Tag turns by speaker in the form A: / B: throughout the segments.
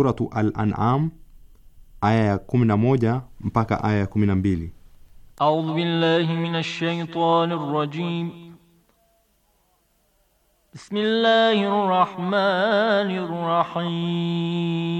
A: Suratu Al-An'am aya ya 11 mpaka aya ya 12.
B: A'udhu billahi minash shaitani rrajim. Bismillahir rahmanir rahim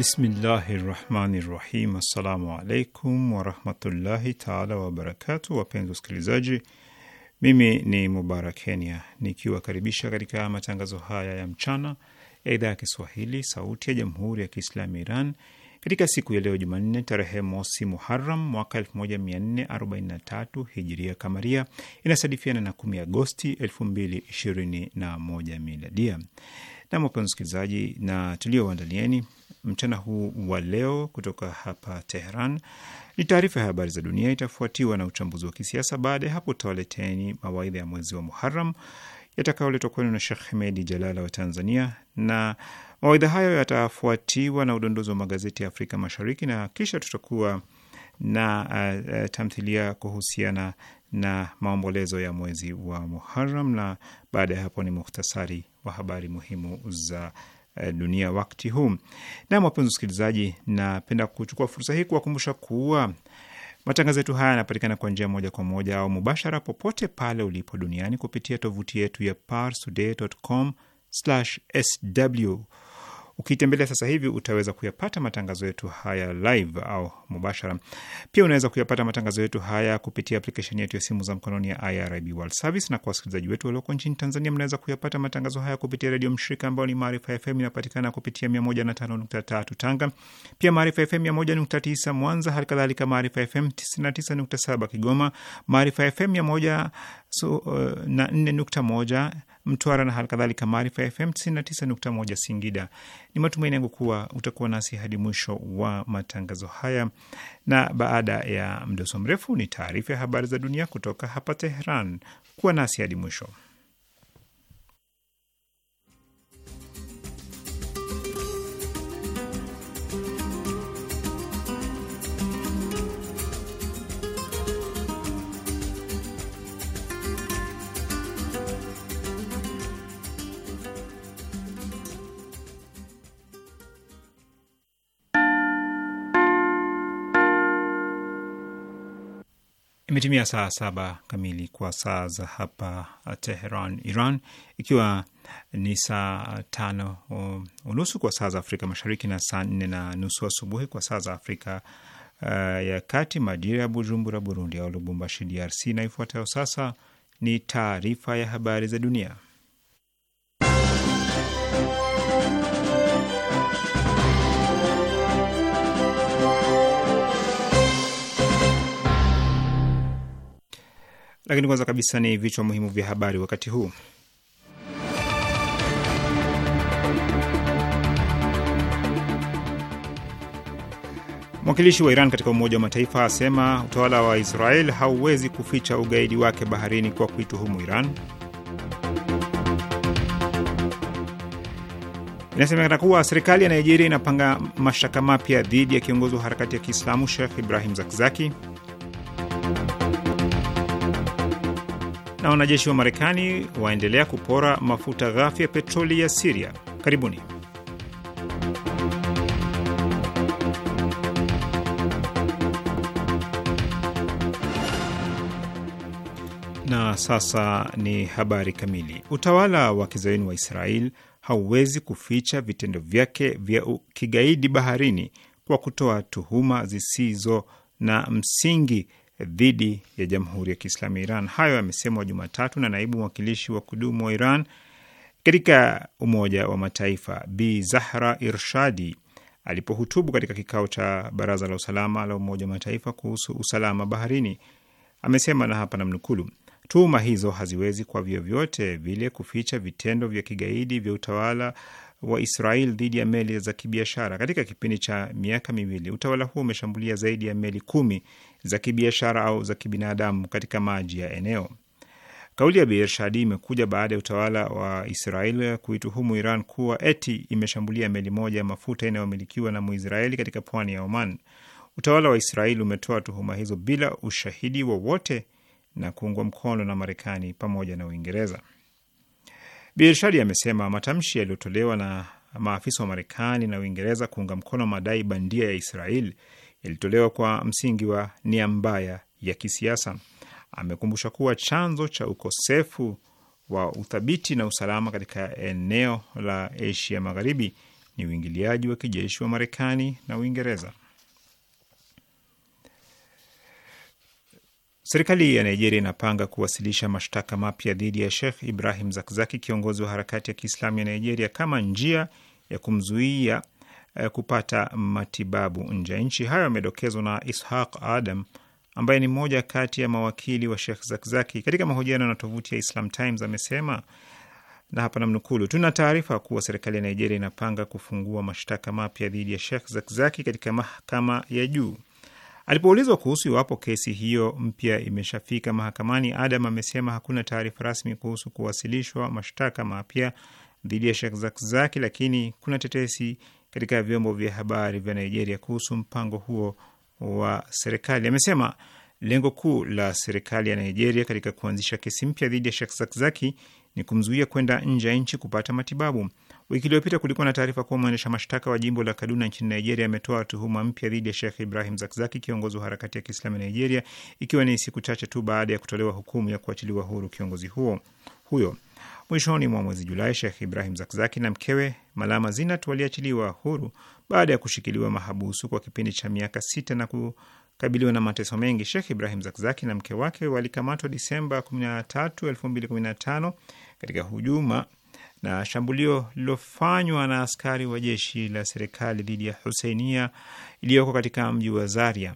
C: Bismillahi rahmani rahim. Assalamu alaikum warahmatullahi taala wabarakatu. Wapenzi wasikilizaji, mimi ni Mubarak Kenya nikiwakaribisha katika matangazo haya ya mchana ya idhaa ya Kiswahili sauti ya jamhuri ya Kiislamu Iran katika siku ya leo Jumanne tarehe mosi Muharam mwaka 1443 hijiria kamaria inasadifiana na 10 Agosti 2021 miladia na wapenzi msikilizaji, na tulioandalieni mchana huu wa leo kutoka hapa Teheran ni taarifa ya habari za dunia, itafuatiwa na uchambuzi wa kisiasa. Baada ya hapo, tutawaleteni mawaidha ya mwezi wa muharam yatakayoletwa kwenu na Shekh Hemedi Jalala wa Tanzania, na mawaidha hayo yatafuatiwa na udondozi wa magazeti ya Afrika Mashariki, na kisha tutakuwa na uh, uh, tamthilia kuhusiana na maombolezo ya mwezi wa muharam na baada ya hapo ni muhtasari wa habari muhimu za eh, dunia wakati huu. Nam, wapenzi wasikilizaji, napenda kuchukua fursa hii kuwakumbusha kuwa matangazo yetu haya yanapatikana kwa njia moja kwa moja au mubashara popote pale ulipo duniani kupitia tovuti yetu ya parstoday.com/sw Ukitembelea sasa hivi utaweza kuyapata matangazo yetu haya live au mubashara. Pia unaweza kuyapata matangazo yetu haya kupitia aplikesheni yetu ya simu za mkononi ya IRIB World Service, na kwa wasikilizaji wetu walioko nchini Tanzania, mnaweza kuyapata matangazo haya kupitia redio mshirika ambayo ni Maarifa FM, inapatikana kupitia 105.3 Tanga, pia Maarifa FM 101.9 Mwanza, hali kadhalika Maarifa FM 99.7 Kigoma, Maarifa FM 104.1 Mtwara na halikadhalika Maarifa FM 99.1 Singida. Ni matumaini yangu kuwa utakuwa nasi hadi mwisho wa matangazo haya, na baada ya mdoso mrefu ni taarifa ya habari za dunia kutoka hapa Tehran. Kuwa nasi hadi mwisho. Imetimia saa saba kamili kwa saa za hapa uh, Teheran, Iran, ikiwa ni saa tano uh, unusu kwa saa za Afrika Mashariki na saa nne na nusu asubuhi kwa saa za Afrika uh, ya Kati, majira ya Bujumbura, Burundi, au Lubumbashi, DRC. Na ifuatayo sasa ni taarifa ya habari za dunia. Lakini kwanza kabisa ni vichwa muhimu vya habari wakati huu. Mwakilishi wa Iran katika Umoja wa Mataifa asema utawala wa Israel hauwezi kuficha ugaidi wake baharini kwa kuituhumu Iran. Inasemekana kuwa serikali ya Nigeria inapanga mashtaka mapya dhidi ya kiongozi wa harakati ya Kiislamu Sheikh Ibrahim Zakzaki. na wanajeshi wa Marekani waendelea kupora mafuta ghafi ya petroli ya Siria. Karibuni. Na sasa ni habari kamili. Utawala wa kizaini wa Israel hauwezi kuficha vitendo vyake vya kigaidi baharini kwa kutoa tuhuma zisizo na msingi dhidi ya Jamhuri ya Kiislamu ya Iran. Hayo yamesemwa Jumatatu na naibu mwakilishi wa kudumu wa Iran katika Umoja wa Mataifa Bi Zahra Irshadi alipohutubu katika kikao cha Baraza la Usalama la Umoja wa Mataifa kuhusu usalama baharini. Amesema, na hapa namnukulu: tuhuma hizo haziwezi kwa vyovyote vile kuficha vitendo vya kigaidi vya utawala wa Israel dhidi ya meli za kibiashara. Katika kipindi cha miaka miwili, utawala huo umeshambulia zaidi ya meli kumi za kibiashara au za kibinadamu katika maji ya eneo. Kauli ya Beershadi imekuja baada ya utawala wa Israel kuituhumu Iran kuwa eti imeshambulia meli moja ya mafuta inayomilikiwa na Muisraeli katika pwani ya Oman. Utawala wa Israel umetoa tuhuma hizo bila ushahidi wowote na kuungwa mkono na Marekani pamoja na Uingereza. Birshadi amesema matamshi yaliyotolewa na maafisa wa Marekani na Uingereza kuunga mkono madai bandia ya Israel yalitolewa kwa msingi wa nia mbaya ya kisiasa. Amekumbusha kuwa chanzo cha ukosefu wa uthabiti na usalama katika eneo la Asia Magharibi ni uingiliaji wa kijeshi wa Marekani na Uingereza. Serikali ya Nigeria inapanga kuwasilisha mashtaka mapya dhidi ya Sheikh Ibrahim Zakzaki, kiongozi wa harakati ya Kiislamu ya Nigeria, kama njia ya kumzuia eh, kupata matibabu nje ya nchi. Hayo yamedokezwa na Ishaq Adam ambaye ni mmoja kati ya mawakili wa Sheikh Zakzaki. Katika mahojiano na tovuti ya Islam Times amesema na hapa namnukulu, tuna taarifa kuwa serikali ya Nigeria inapanga kufungua mashtaka mapya dhidi ya Sheikh Zakzaki katika mahakama ya juu. Alipoulizwa kuhusu iwapo kesi hiyo mpya imeshafika mahakamani, Adam amesema hakuna taarifa rasmi kuhusu kuwasilishwa mashtaka mapya dhidi ya Sheikh Zakzaki, lakini kuna tetesi katika vyombo vya habari vya Nigeria kuhusu mpango huo wa serikali. Amesema lengo kuu la serikali ya Nigeria katika kuanzisha kesi mpya dhidi ya Sheikh Zakzaki ni kumzuia kwenda nje ya nchi kupata matibabu. Wiki iliyopita kulikuwa na taarifa kuwa mwendesha mashtaka wa jimbo la Kaduna nchini Nigeria ametoa tuhuma mpya dhidi ya Shekh Ibrahim Zakzaki, kiongozi wa harakati ya Kiislamu ya Nigeria, ikiwa ni siku chache tu baada ya kutolewa hukumu ya kuachiliwa huru kiongozi huo huyo. Mwishoni mwa mwezi Julai, Shekh Ibrahim Zakzaki na mkewe Malama Zinat waliachiliwa huru baada ya kushikiliwa mahabusu kwa kipindi cha miaka sita na kukabiliwa na mateso mengi. Shekh Ibrahim Zakzaki na mke wake walikamatwa Disemba 13, 2015 katika hujuma na shambulio lililofanywa na askari wa jeshi la serikali dhidi ya Huseinia iliyoko katika mji wa Zaria.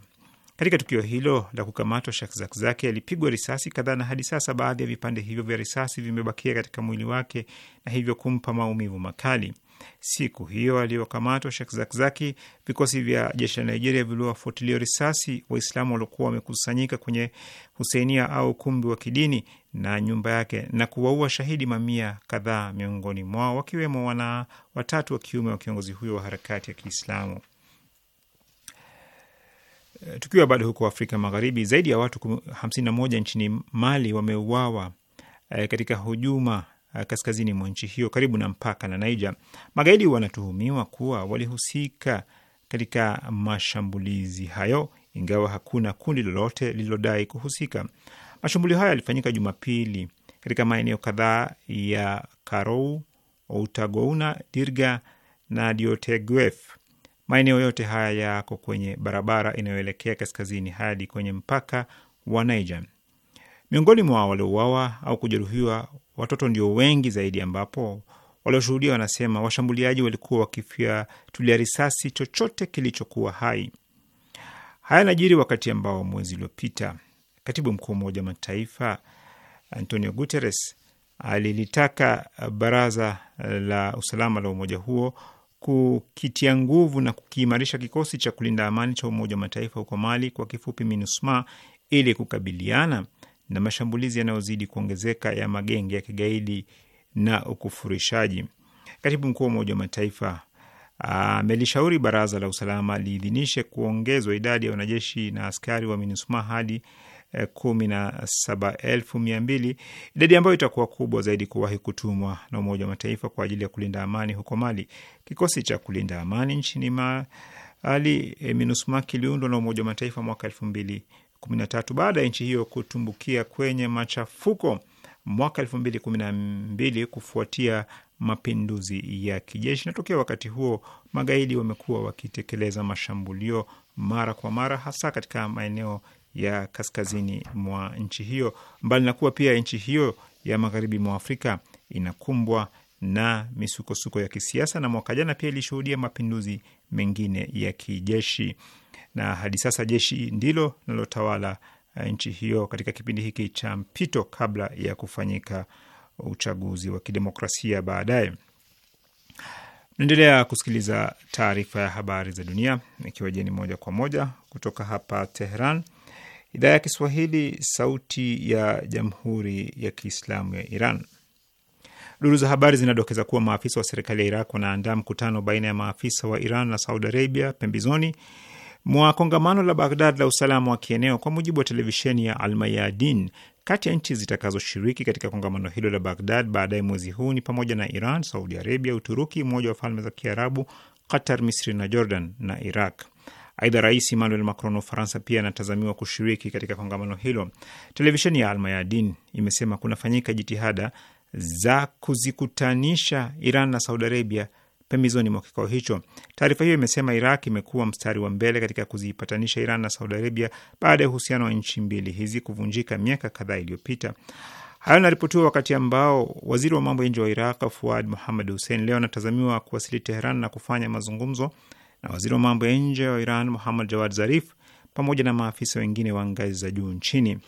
C: Katika tukio hilo la kukamatwa, zake alipigwa risasi kadhaa, na hadi sasa baadhi ya vipande hivyo vya risasi vimebakia katika mwili wake na hivyo kumpa maumivu makali. Siku hiyo aliyokamatwa Sheikh Zakzaki, vikosi vya jeshi la Nigeria viliwafuatilia risasi Waislamu waliokuwa wamekusanyika kwenye huseinia au ukumbi wa kidini na nyumba yake na kuwaua shahidi mamia kadhaa, miongoni mwao wakiwemo wana watatu wa kiume wa kiongozi huyo wa harakati ya Kiislamu. Tukiwa bado huko Afrika Magharibi, zaidi ya watu 51 nchini Mali wameuawa eh, katika hujuma Uh, kaskazini mwa nchi hiyo karibu na mpaka na Naija. Magaidi wanatuhumiwa kuwa walihusika katika mashambulizi hayo, ingawa hakuna kundi lolote lililodai kuhusika. Mashambulio hayo yalifanyika Jumapili katika maeneo kadhaa ya Karou, Outagouna, Dirga na Dioteguef. Maeneo yote haya yako kwenye barabara inayoelekea kaskazini hadi kwenye mpaka wa Niger. Miongoni mwa waliouawa au kujeruhiwa watoto ndio wengi zaidi, ambapo walioshuhudia wanasema washambuliaji walikuwa wakifyatulia risasi chochote kilichokuwa hai. Haya najiri wakati ambao mwezi uliopita katibu mkuu wa Umoja wa Mataifa Antonio Guterres alilitaka Baraza la Usalama la umoja huo kukitia nguvu na kukiimarisha kikosi cha kulinda amani cha Umoja wa Mataifa huko Mali, kwa kifupi MINUSMA, ili kukabiliana na mashambulizi yanayozidi kuongezeka ya magenge ya kigaidi na ukufurishaji. Katibu mkuu wa Umoja wa Mataifa ah, amelishauri baraza la usalama liidhinishe kuongezwa idadi ya wanajeshi na askari wa MINUSMA hadi eh, kumi na saba elfu mia mbili, idadi ambayo itakuwa kubwa zaidi kuwahi kutumwa na Umoja wa Mataifa kwa ajili ya kulinda amani huko Mali. Kikosi cha kulinda amani nchini Mali, eh, MINUSMA, kiliundwa na Umoja wa Mataifa mwaka elfu mbili 13 baada ya nchi hiyo kutumbukia kwenye machafuko mwaka 2012 kufuatia mapinduzi ya kijeshi. Natokea wakati huo magaidi wamekuwa wakitekeleza mashambulio mara kwa mara, hasa katika maeneo ya kaskazini mwa nchi hiyo, mbali na kuwa pia nchi hiyo ya magharibi mwa Afrika inakumbwa na misukosuko ya kisiasa, na mwaka jana pia ilishuhudia mapinduzi mengine ya kijeshi na hadi sasa jeshi ndilo linalotawala eh, nchi hiyo katika kipindi hiki cha mpito kabla ya kufanyika uchaguzi wa kidemokrasia baadaye. Naendelea kusikiliza taarifa ya habari za dunia, ikiwa jeni moja kwa moja kutoka hapa Tehran, idhaa ya Kiswahili, sauti ya jamhuri ya kiislamu ya Iran. Duru za habari zinadokeza kuwa maafisa wa serikali ya Iraq wanaandaa mkutano baina ya maafisa wa Iran na Saudi Arabia pembezoni mwa kongamano la Baghdad la usalama wa kieneo, kwa mujibu wa televisheni ya Almayadin. Kati ya nchi zitakazoshiriki katika kongamano hilo la Baghdad baadaye mwezi huu ni pamoja na Iran, Saudi Arabia, Uturuki, Umoja wa Falme za Kiarabu, Qatar, Misri na Jordan na Iraq. Aidha, Rais Emmanuel Macron wa Ufaransa pia anatazamiwa kushiriki katika kongamano hilo. Televisheni ya Almayadin imesema kunafanyika jitihada za kuzikutanisha Iran na Saudi Arabia pembezoni mwa kikao hicho. Taarifa hiyo imesema Iraq imekuwa mstari wa mbele katika kuzipatanisha Iran na Saudi Arabia baada ya uhusiano wa nchi mbili hizi kuvunjika miaka kadhaa iliyopita. Hayo inaripotiwa wakati ambao waziri wa mambo ya nje wa Iraq Fuad Muhammad Hussein leo anatazamiwa kuwasili Teheran na kufanya mazungumzo na waziri wa mambo ya nje wa Iran Muhammad Jawad Zarif pamoja na maafisa wengine wa ngazi za juu nchini.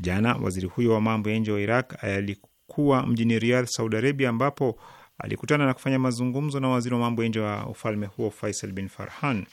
C: Jana waziri huyo wa mambo ya nje wa Iraq alikuwa mjini Riyadh, Saudi Arabia, ambapo alikutana na kufanya mazungumzo na waziri wa mambo ya nje wa ufalme huo Faisal bin Farhan.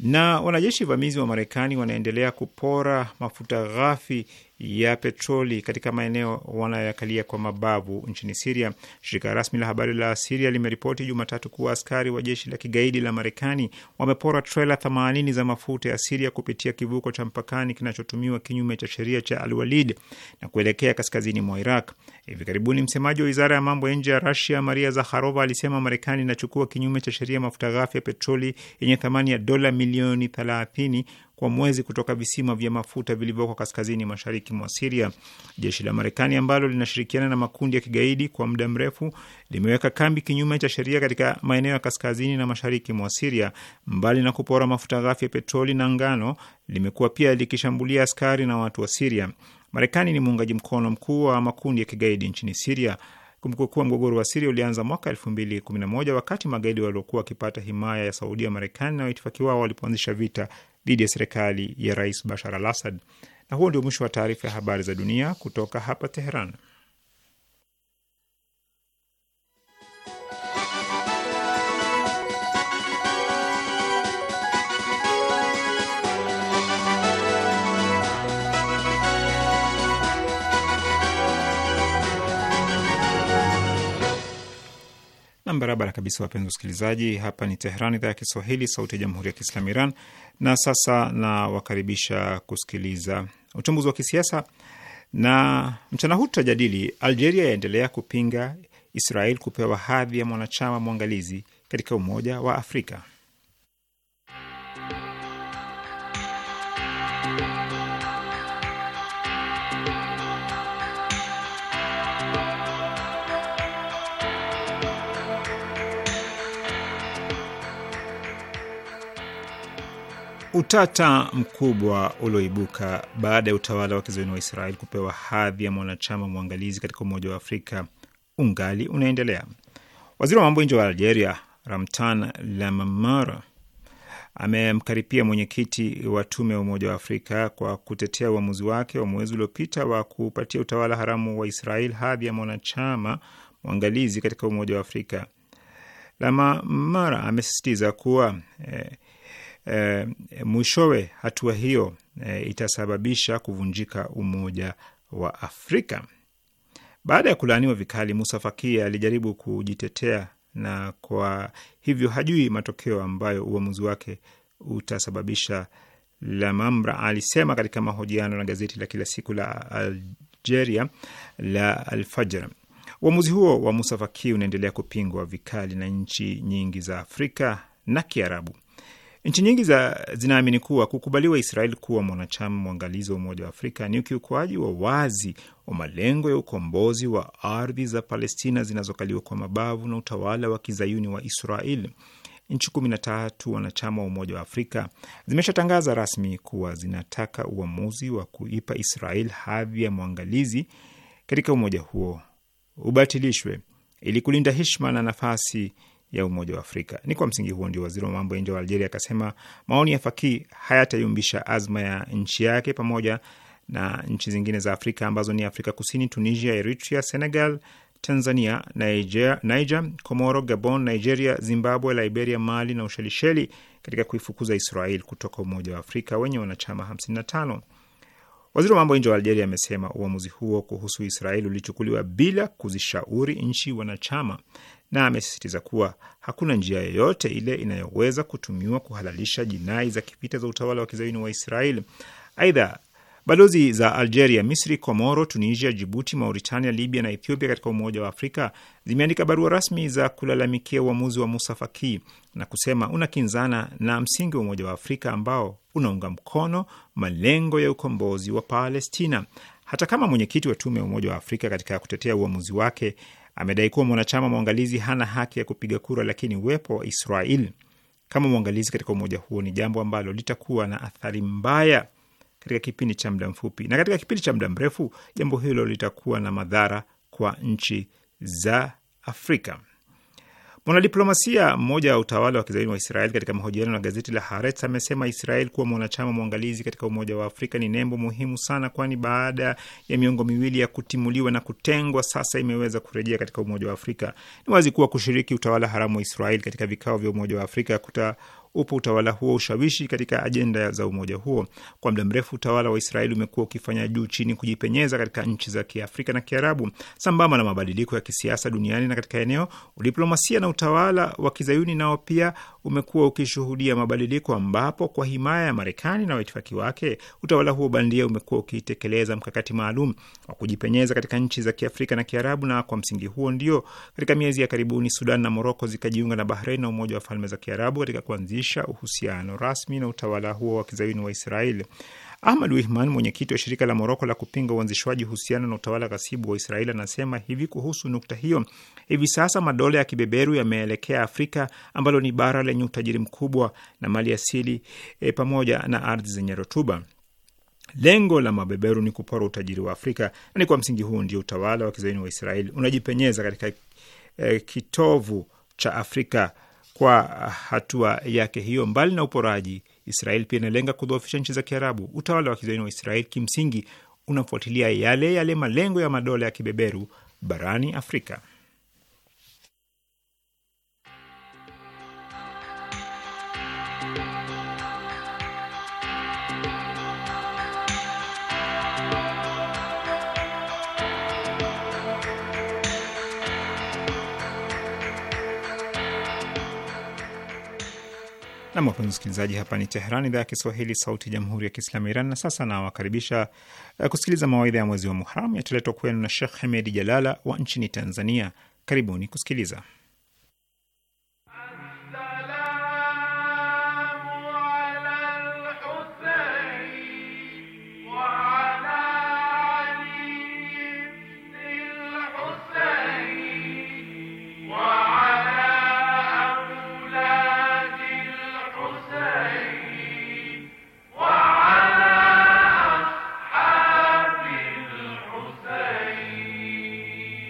C: Na wanajeshi vamizi wa Marekani wanaendelea kupora mafuta ghafi ya petroli katika maeneo wanayoyakalia kwa mabavu nchini Siria. Shirika rasmi la habari la Siria limeripoti Jumatatu kuwa askari wa jeshi la kigaidi la Marekani wamepora trela 80 za mafuta ya Siria kupitia kivuko cha mpakani kinachotumiwa kinyume cha sheria cha Alwalid na kuelekea kaskazini mwa Iraq. Hivi karibuni msemaji wa wizara ya mambo ya nje ya Rasia Maria Zakharova alisema Marekani inachukua kinyume cha sheria mafuta ghafi ya petroli yenye thamani ya dola milioni 30 kwa mwezi kutoka visima vya mafuta vilivyoko kaskazini mashariki mwa Siria. Jeshi la Marekani ambalo linashirikiana na makundi ya kigaidi kwa muda mrefu limeweka kambi kinyume cha sheria katika maeneo ya kaskazini na mashariki mwa Siria. Mbali na kupora mafuta ghafi ya petroli na ngano, limekuwa pia likishambulia askari na watu wa Siria. Marekani ni muungaji mkono mkuu wa makundi ya kigaidi nchini Siria. Kumbuka kuwa mgogoro wa Siria ulianza mwaka elfu mbili kumi na moja wakati magaidi waliokuwa wakipata himaya ya Saudia, Marekani na waitifaki wao walipoanzisha vita dhidi ya serikali ya Rais Bashar al Assad. Na huo ndio mwisho wa taarifa ya habari za dunia kutoka hapa Teheran. barabara kabisa, wapenzi wasikilizaji. Hapa ni Tehran, idhaa ya Kiswahili, sauti ya jamhuri ya kiislamu Iran. Na sasa nawakaribisha kusikiliza uchambuzi wa kisiasa, na mchana huu tutajadili Algeria yaendelea kupinga Israel kupewa hadhi ya mwanachama mwangalizi katika Umoja wa Afrika. utata mkubwa ulioibuka baada ya utawala wa kizayuni wa Israel kupewa hadhi ya mwanachama mwangalizi katika Umoja wa Afrika ungali unaendelea. Waziri wa mambo nje wa Algeria Ramtan lamamar amemkaripia mwenyekiti wa tume ya Umoja wa Afrika kwa kutetea uamuzi wake wa mwezi uliopita wa kupatia utawala haramu wa Israel hadhi ya mwanachama mwangalizi katika Umoja wa Afrika. Lamamara amesisitiza kuwa eh, e, mwishowe hatua hiyo e, itasababisha kuvunjika umoja wa Afrika. Baada ya kulaaniwa vikali, Musa Faki alijaribu kujitetea na kwa hivyo hajui matokeo ambayo uamuzi wake utasababisha, Lamamra alisema katika mahojiano na gazeti la kila siku la Algeria la Alfajr. Uamuzi huo wa Musa Faki unaendelea kupingwa vikali na nchi nyingi za Afrika na Kiarabu. Nchi nyingi za zinaamini kuwa kukubaliwa Israel kuwa mwanachama mwangalizi wa Umoja wa Afrika ni ukiukoaji wa wazi wa malengo ya ukombozi wa ardhi za Palestina zinazokaliwa kwa mabavu na utawala wa kizayuni wa Israel. Nchi kumi na tatu wanachama wa Umoja wa Afrika zimeshatangaza rasmi kuwa zinataka uamuzi wa kuipa Israel hadhi ya mwangalizi katika umoja huo ubatilishwe ili kulinda heshima na nafasi ya Umoja wa Afrika. Ni kwa msingi huo ndio waziri wa mambo ya nje wa Algeria akasema maoni ya Faki hayatayumbisha azma ya nchi yake pamoja na nchi zingine za Afrika ambazo ni Afrika Kusini, Tunisia, Eritrea, Senegal, Tanzania, Niger, Niger, Komoro, Gabon, Nigeria, Zimbabwe, Liberia, Mali na Ushelisheli katika kuifukuza Israel kutoka Umoja wa Afrika wenye wanachama 55. Waziri wa mambo ya nje wa Algeria amesema uamuzi huo kuhusu Israeli ulichukuliwa bila kuzishauri nchi wanachama, na amesisitiza kuwa hakuna njia yoyote ile inayoweza kutumiwa kuhalalisha jinai za kivita za utawala wa kizayuni wa Israeli. Aidha, Balozi za Algeria, Misri, Komoro, Tunisia, Jibuti, Mauritania, Libya na Ethiopia katika Umoja wa Afrika zimeandika barua rasmi za kulalamikia uamuzi wa Musa Faki na kusema unakinzana na msingi wa Umoja wa Afrika ambao unaunga mkono malengo ya ukombozi wa Palestina. Hata kama mwenyekiti wa tume ya Umoja wa Afrika katika kutetea uamuzi wake amedai kuwa mwanachama mwangalizi hana haki ya kupiga kura, lakini uwepo wa Israel kama mwangalizi katika umoja huo ni jambo ambalo litakuwa na athari mbaya katika kipindi cha muda mfupi, na katika kipindi cha muda mrefu jambo hilo litakuwa na madhara kwa nchi za Afrika. Mwanadiplomasia mmoja wa utawala wa kizaini wa Israel katika mahojiano na gazeti la Haaretz amesema Israel kuwa mwanachama mwangalizi katika Umoja wa Afrika ni nembo muhimu sana, kwani baada ya miongo miwili ya kutimuliwa na kutengwa, sasa imeweza kurejea katika Umoja wa Afrika. Ni wazi kuwa kushiriki utawala haramu wa Israel katika vikao vya Umoja wa Afrika kuta upo utawala huo ushawishi katika ajenda za umoja huo. Kwa muda mrefu utawala wa Israeli umekuwa ukifanya juu chini kujipenyeza katika nchi za Kiafrika na Kiarabu. Sambamba na mabadiliko ya kisiasa duniani na katika eneo, diplomasia na utawala wa kizayuni nao pia umekuwa ukishuhudia mabadiliko ambapo kwa himaya ya Marekani na waitifaki wake utawala huo bandia umekuwa ukitekeleza mkakati maalum wa kujipenyeza katika nchi za Kiafrika na Kiarabu, na kwa msingi huo ndio katika miezi ya karibuni Sudan na Moroko zikajiunga na Bahrein na Umoja wa Falme za Kiarabu katika kuanzisha uhusiano rasmi na utawala huo wa kizawini wa Israeli. Ahmad Wihman, mwenyekiti wa shirika la Moroko la kupinga uanzishwaji uhusiano na utawala ghasibu wa Israeli, anasema hivi kuhusu nukta hiyo: hivi sasa madola ya kibeberu yameelekea Afrika ambalo ni bara lenye utajiri mkubwa na mali asili e, pamoja na ardhi zenye rutuba. Lengo la mabeberu ni kupora utajiri wa Afrika, na ni kwa msingi huu ndio utawala wa kizaini wa Israeli unajipenyeza katika e, kitovu cha Afrika kwa hatua yake hiyo. Mbali na uporaji Israel pia inalenga kudhoofisha nchi za Kiarabu. Utawala wa kizayuni wa Israel kimsingi unafuatilia yale yale malengo ya madola ya kibeberu barani Afrika. Nam, wapenzi msikilizaji, hapa ni Teheran, idhaa ya Kiswahili, sauti ya jamhuri ya kiislamu ya Iran. Na sasa nawakaribisha eh, kusikiliza mawaidha ya mwezi wa Muharam yataletwa kwenu na Shekh Hemedi Jalala wa nchini Tanzania. Karibuni kusikiliza.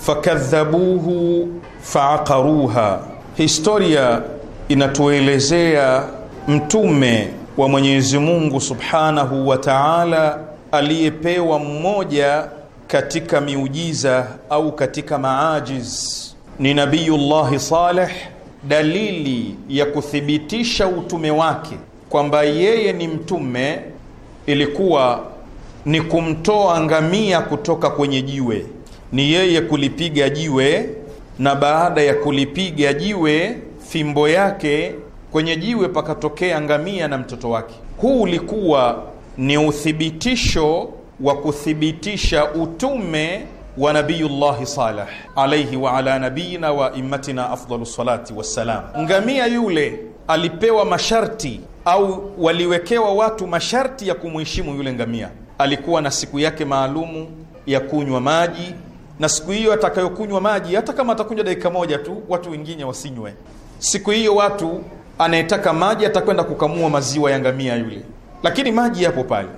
A: fakadhabuhu faakaruha Historia inatuelezea mtume wa Mwenyezi Mungu Subhanahu wa Ta'ala aliyepewa mmoja katika miujiza au katika maajiz ni Nabiyullahi Saleh. Dalili ya kuthibitisha utume wake kwamba yeye ni mtume ilikuwa ni kumtoa ngamia kutoka kwenye jiwe ni yeye kulipiga jiwe na baada ya kulipiga jiwe fimbo yake kwenye jiwe pakatokea ngamia na mtoto wake. Huu ulikuwa ni uthibitisho wa kuthibitisha utume wa Nabiyullahi Saleh alaihi wa ala nabiyina wa immatina afdalu salati wassalam. Ngamia yule alipewa masharti au waliwekewa watu masharti ya kumuheshimu yule ngamia. Alikuwa na siku yake maalumu ya kunywa maji na siku hiyo atakayokunywa maji, hata kama atakunywa dakika moja tu, watu wengine wasinywe siku hiyo. Watu anayetaka maji atakwenda kukamua maziwa ya ngamia yule, lakini maji yapo pale.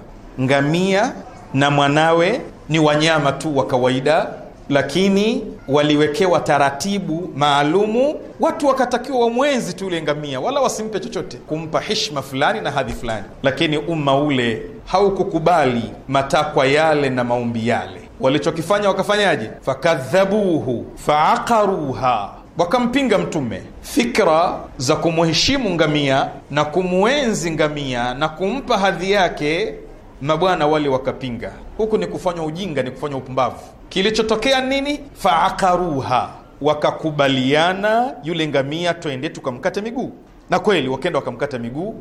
A: Ngamia na mwanawe ni wanyama tu wa kawaida, lakini waliwekewa taratibu maalumu. Watu wakatakiwa wamwenzi tu yule ngamia, wala wasimpe chochote, kumpa heshima fulani na hadhi fulani, lakini umma ule haukukubali matakwa yale na maombi yale walichokifanya wakafanyaje? Fakadhabuhu faaqaruha, wakampinga Mtume. Fikra za kumuheshimu ngamia na kumuenzi ngamia na kumpa hadhi yake, mabwana wale wakapinga. Huku ni kufanywa ujinga, ni kufanywa upumbavu. Kilichotokea nini? faakaruha wakakubaliana yule ngamia, twende tukamkate miguu. Na kweli wakenda wakamkata miguu,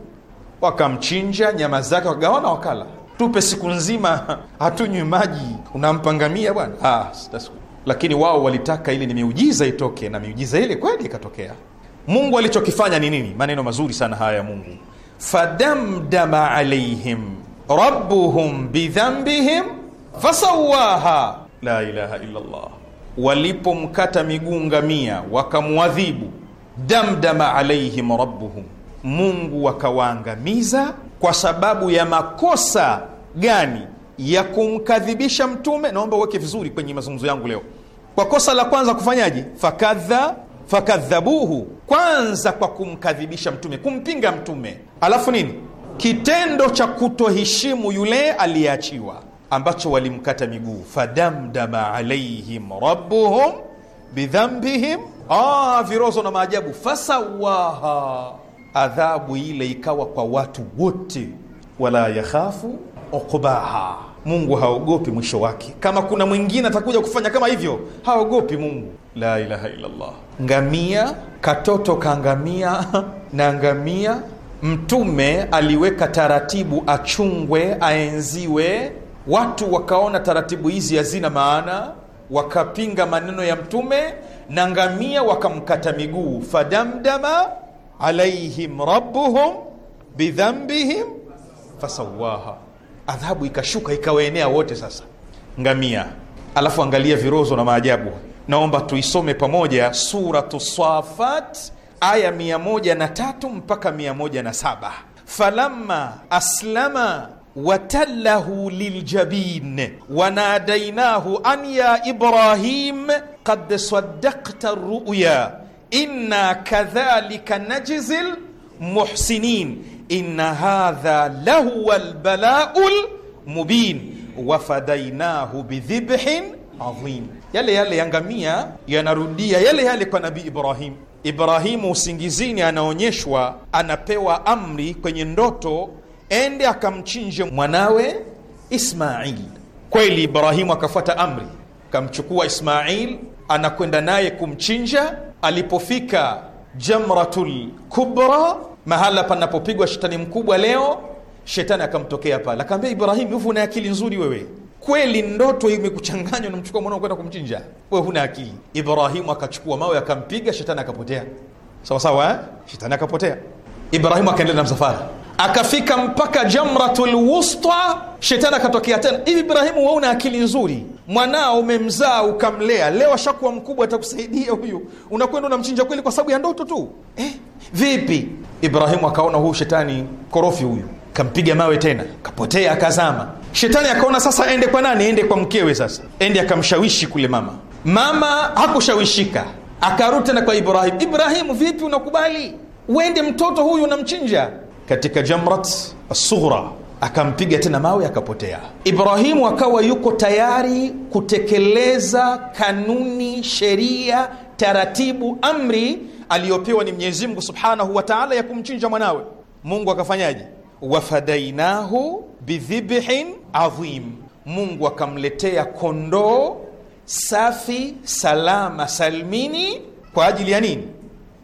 A: wakamchinja, nyama zake wakagawana, wakala tupe siku nzima hatunywi maji, unampangamia bwana ah, lakini wao walitaka ile ni miujiza itoke, na miujiza ile kweli ikatokea. Mungu alichokifanya ni nini? Maneno mazuri sana haya ya Mungu, fadamdama alaihim rabbuhum bidhambihim fasawaha la ilaha illallah. Walipomkata miguu ngamia wakamwadhibu, damdama alaihim rabbuhum, Mungu wakawaangamiza kwa sababu ya makosa gani ya kumkadhibisha Mtume? Naomba uweke vizuri kwenye mazungumzo yangu leo. Kwa kosa la kwanza kufanyaje? fakadha fakadhabuhu, kwanza kwa kumkadhibisha Mtume, kumpinga Mtume. Alafu nini? kitendo cha kutoheshimu yule aliyeachiwa ambacho walimkata miguu. fadamdama alaihim rabbuhum bidhambihim, ah, virozo na maajabu. fasawaha adhabu ile ikawa kwa watu wote. Wala yakhafu ukubaha, Mungu haogopi mwisho wake. Kama kuna mwingine atakuja kufanya kama hivyo, haogopi Mungu. La ilaha illallah. Ngamia, katoto kangamia na ngamia Mtume aliweka taratibu achungwe, aenziwe. Watu wakaona taratibu hizi hazina maana, wakapinga maneno ya Mtume na ngamia wakamkata miguu fadamdama alaihim rabbuhum bidhambihim fasawaha, adhabu ikashuka ikawaenea wote. Sasa ngamia, alafu angalia virozo na maajabu. Naomba tuisome pamoja Suratu safat aya mia moja na tatu mpaka mia moja na saba falamma aslama watallahu liljabin wanadainahu an ya Ibrahim kad sadakta ruya inna kadhalika najzil muhsinin inna hadha lahuwa albalaul mubin wafadainahu bidhibhin adhim. Yale yale yangamia yanarudia yale yale kwa Nabii Ibrahim. Ibrahimu usingizini, anaonyeshwa anapewa amri kwenye ndoto, ende akamchinje mwanawe Ismail. Kweli Ibrahimu akafuata amri, akamchukua Ismail, anakwenda naye kumchinja alipofika Jamratul Kubra, mahala panapopigwa shetani mkubwa leo, shetani akamtokea pale, akamwambia Ibrahim, hivi una akili nzuri wewe kweli? Ndoto imekuchanganywa, namchukua mwanao kwenda kumchinja, wewe huna akili. Ibrahimu akachukua mawe akampiga, shetani akapotea. Sawa sawa, eh? Shetani akapotea. Ibrahimu akaendelea na msafara, akafika mpaka Jamratul Wusta, shetani akatokea tena, hivi Ibrahimu, wewe una akili nzuri mwanao umemzaa ukamlea, leo ashakuwa mkubwa, atakusaidia huyu, unakwenda unamchinja kweli kwa sababu ya ndoto tu eh? Vipi? Ibrahimu akaona huyu shetani korofi huyu, kampiga mawe tena, kapotea akazama. Shetani akaona sasa ende kwa nani? Ende kwa mkewe, sasa ende akamshawishi kule mama. Mama hakushawishika, akarudi tena kwa Ibrahimu. Ibrahimu, vipi, unakubali uende mtoto huyu unamchinja? Katika Jamrat Asughra akampiga tena mawe akapotea. Ibrahimu akawa yuko tayari kutekeleza kanuni, sheria, taratibu, amri aliyopewa ni Mwenyezi Mungu subhanahu wa taala ya kumchinja mwanawe. Mungu akafanyaje? wafadainahu bidhibhin adhim, Mungu akamletea kondoo safi salama salmini. Kwa ajili ya nini?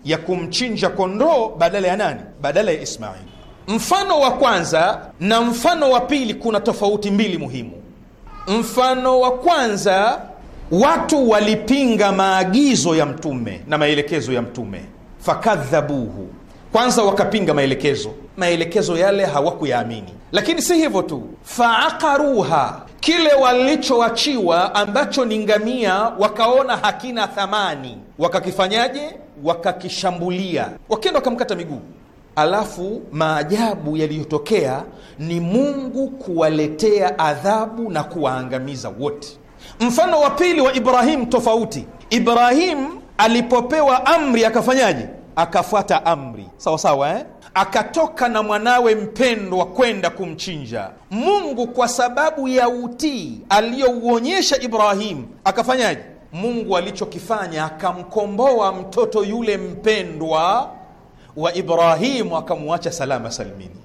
A: Ya kumchinja kondoo badala ya nani? Badala ya ismail Mfano wa kwanza na mfano wa pili kuna tofauti mbili muhimu. Mfano wa kwanza, watu walipinga maagizo ya Mtume na maelekezo ya Mtume, fakadhabuhu, kwanza wakapinga maelekezo, maelekezo yale hawakuyaamini. Lakini si hivyo tu, faakaruha, kile walichoachiwa ambacho ni ngamia, wakaona hakina thamani, wakakifanyaje? Wakakishambulia, wakenda wakamkata miguu alafu maajabu yaliyotokea ni Mungu kuwaletea adhabu na kuwaangamiza wote. Mfano wa pili wa Ibrahimu tofauti. Ibrahimu alipopewa amri akafanyaje? Akafuata amri sawa eh? Akatoka na mwanawe mpendwa kwenda kumchinja. Mungu kwa sababu ya utii aliyouonyesha Ibrahimu akafanyaje? Mungu alichokifanya akamkomboa mtoto yule mpendwa wa Ibrahimu akamwacha salama salimini.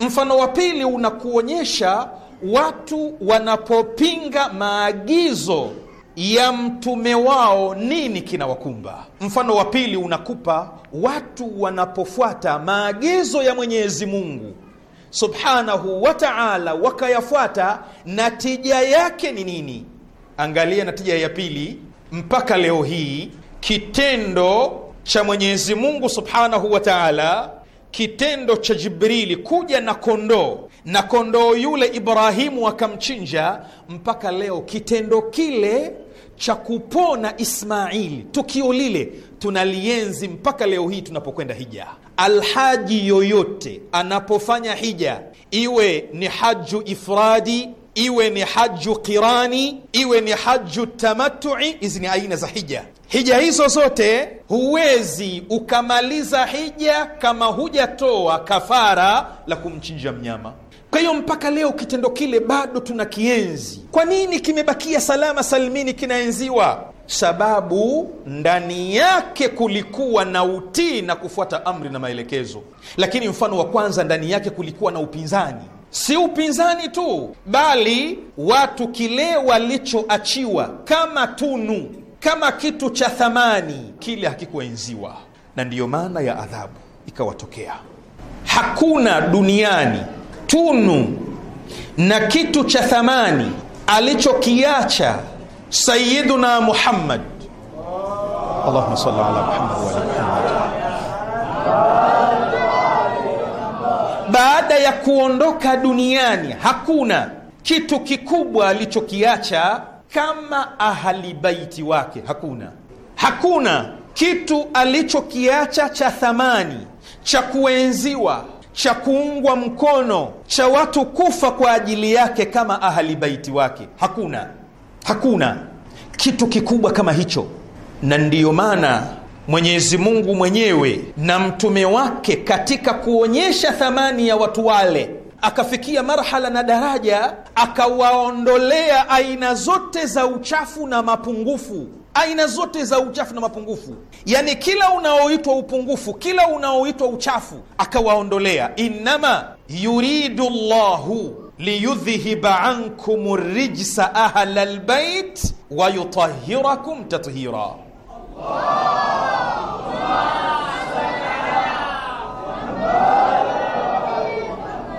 A: Mfano wa pili unakuonyesha watu wanapopinga maagizo ya mtume wao nini kinawakumba. Mfano wa pili unakupa watu wanapofuata maagizo ya Mwenyezi Mungu subhanahu wa taala, wakayafuata, natija yake ni nini? Angalia natija ya pili mpaka leo hii kitendo cha Mwenyezi Mungu Subhanahu wa Ta'ala, kitendo cha Jibrili kuja na kondoo na kondoo yule Ibrahimu akamchinja, mpaka leo kitendo kile cha kupona Ismaili, tukio lile tunalienzi mpaka leo hii tunapokwenda hija. Alhaji yoyote anapofanya hija, iwe ni haju ifradi, iwe ni haju qirani, iwe ni haju tamatui, hizi ni aina za hija. Hija hizo zote huwezi ukamaliza hija kama hujatoa kafara la kumchinja mnyama. Kwa hiyo mpaka leo kitendo kile bado tuna kienzi Kwa nini kimebakia salama salimini kinaenziwa? Sababu ndani yake kulikuwa na utii na kufuata amri na maelekezo. Lakini mfano wa kwanza, ndani yake kulikuwa na upinzani. Si upinzani tu, bali watu kile walichoachiwa kama tunu kama kitu cha thamani, kile hakikuenziwa, na ndiyo maana ya adhabu ikawatokea. Hakuna duniani tunu na kitu cha thamani alichokiacha Sayiduna Muhammad, Allahumma salli ala Muhammad wa ala Muhammad, baada ya kuondoka duniani hakuna kitu kikubwa alichokiacha kama ahali baiti wake. Hakuna, hakuna kitu alichokiacha cha thamani, cha kuenziwa, cha kuungwa mkono, cha watu kufa kwa ajili yake kama ahali baiti wake. Hakuna, hakuna kitu kikubwa kama hicho, na ndiyo maana Mwenyezi Mungu mwenyewe na mtume wake katika kuonyesha thamani ya watu wale akafikia marhala na daraja akawaondolea aina zote za uchafu na mapungufu, aina zote za uchafu na mapungufu, yani kila unaoitwa upungufu, kila unaoitwa uchafu akawaondolea. Innama yuridu llahu liyudhhiba ankum rijsa ahla lbait wayutahirakum tathira Allah.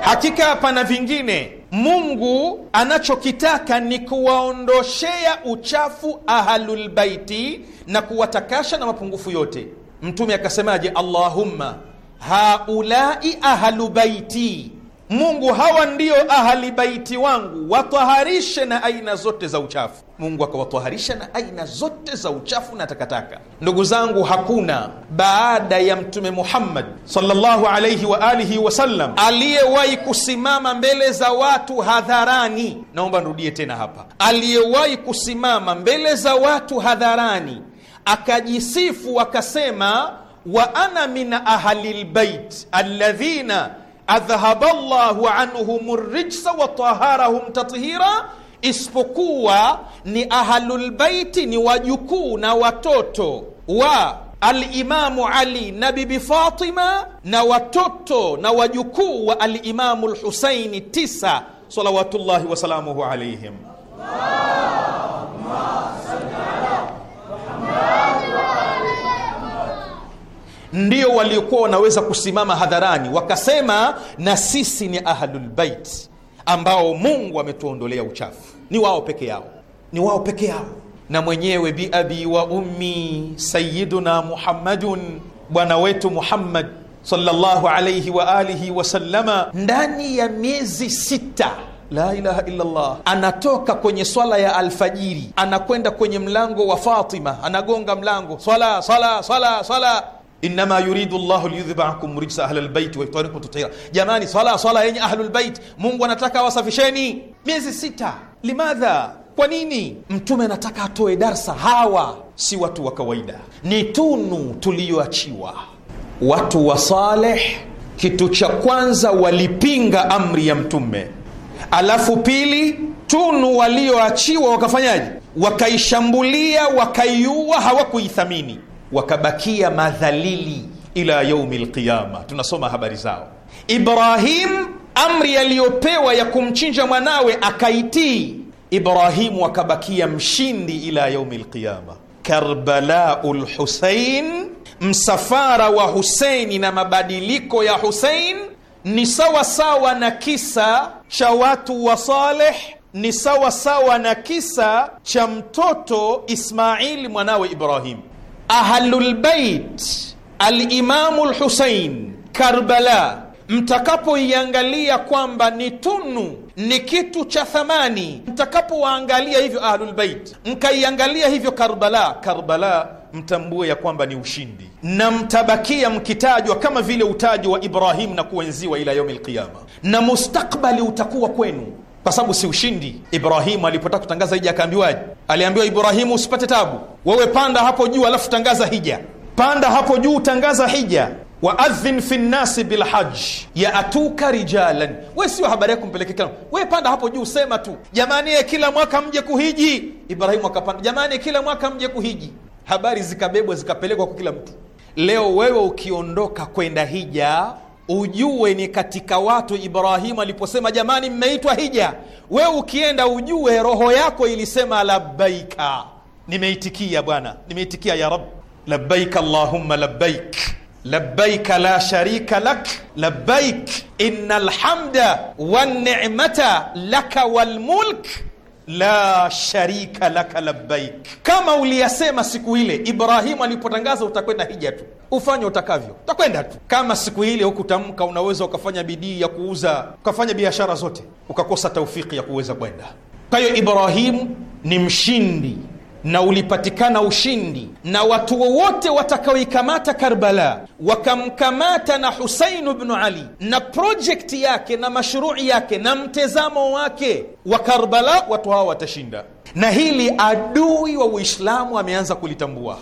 A: Hakika pana vingine Mungu anachokitaka ni kuwaondoshea uchafu ahlulbaiti na kuwatakasha na mapungufu yote. Mtume akasemaje? Allahumma haulai ahlu baiti Mungu, hawa ndio ahali baiti wangu, wataharishe na aina zote za uchafu. Mungu akawataharisha na aina zote za uchafu na takataka. Ndugu zangu, hakuna baada ya Mtume Muhammad sallallahu alaihi wa alihi wasallam aliyewahi kusimama mbele za watu hadharani. Naomba nirudie tena hapa, aliyewahi kusimama mbele za watu hadharani akajisifu akasema, wa ana min ahli lbait alladhina adhhaba Allahu anhum rijsa wa taharahum tathira, isipokuwa ni ahlulbaiti ni wajukuu na watoto wa Alimamu Ali na Bibi Fatima na watoto na wajukuu wa Alimamu Lhusaini tisa salawatullahi wasalamuhu alaihim. ndio waliokuwa wanaweza kusimama hadharani wakasema, na sisi ni ahlulbait ambao Mungu ametuondolea uchafu. Ni wao peke yao, ni wao peke yao. Na mwenyewe biabi wa ummi sayiduna Muhammadun, bwana wetu Muhammad sallallahu alaihi wa alihi ndani ya miezi sita la ilaha illallah, anatoka kwenye swala ya alfajiri, anakwenda kwenye mlango wa Fatima, anagonga mlango, swala swala swala swala inma yuridu llahu liyudhhibakum rijsa ahlal baiti wa tathira. Jamani, swala swala yenye ahlul Mungu anataka wasafisheni. Miezi sita, limadha? Kwa nini? Mtume anataka atoe darsa. Hawa si watu wa kawaida, ni tunu tuliyoachiwa. Watu wa Saleh, kitu cha kwanza walipinga amri ya Mtume, alafu pili, tunu walioachiwa wakafanyaje? Wakaishambulia, wakaiua, hawakuithamini wakabakia madhalili ila yaumi lqiyama. Tunasoma habari zao. Ibrahim, amri aliyopewa ya kumchinja mwanawe akaitii. Ibrahimu akabakia mshindi ila yaumi lqiyama. Karbalau lhusein, msafara wa Huseini na mabadiliko ya Husein ni sawa sawa na kisa cha watu wa Saleh, ni sawa sawa na kisa cha mtoto Ismaili mwanawe Ibrahimu ahlulbait Alimamu Lhusein Karbala, mtakapoiangalia kwamba ni tunu ni kitu cha thamani, mtakapowaangalia hivyo ahlulbait mkaiangalia hivyo Karbala, Karbala mtambue ya kwamba ni ushindi, na mtabakia mkitajwa kama vile utajwa wa Ibrahimu na kuenziwa ila yaumi lqiama na mustakbali utakuwa kwenu kwa sababu si ushindi. Ibrahimu alipotaka kutangaza hija akaambiwaje? Aliambiwa, Ibrahimu, usipate tabu, wewe panda hapo juu, alafu tangaza hija. Panda hapo juu, tangaza hija Waadhin fi nnasi bilhaji yaatuka rijalan. We sio habari yako kumpelekea kila we, panda hapo juu, sema tu jamani, eh, kila mwaka mje kuhiji. Ibrahimu akapanda, jamani, eh, kila mwaka mje kuhiji. Habari zikabebwa zikapelekwa kwa kila mtu. Leo wewe ukiondoka kwenda hija ujue ni katika watu Ibrahimu aliposema jamani, mmeitwa hija. We ukienda ujue roho yako ilisema labbaika, nimeitikia Bwana, nimeitikia ya Rab, labbaika allahumma labbaik labbaika la sharika lak labbaik inna lhamda wa nimata laka walmulk la sharika laka labbaik. Kama uliyasema siku ile Ibrahimu alipotangaza utakwenda hija tu, ufanye utakavyo, utakwenda tu. Kama siku ile hukutamka, unaweza ukafanya bidii ya kuuza, ukafanya biashara zote, ukakosa taufiki ya kuweza kwenda. Kwa hiyo Ibrahimu ni mshindi na ulipatikana ushindi, na watu wowote watakaoikamata Karbala wakamkamata na Husainu bnu Ali na projekti yake na mashrui yake na mtezamo wake wa Karbala, watu hawa watashinda. Na hili adui wa Uislamu ameanza kulitambua,